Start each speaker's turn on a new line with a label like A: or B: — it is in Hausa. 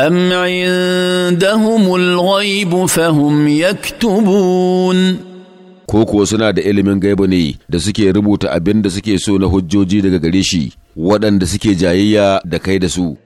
A: أم
B: عندهم الغيب فهم يكتبون
A: ko kuwa suna da ilimin gaiba ne da suke rubuta abin da suke so na hujjoji daga gare shi waɗanda suke jayayya da kai da su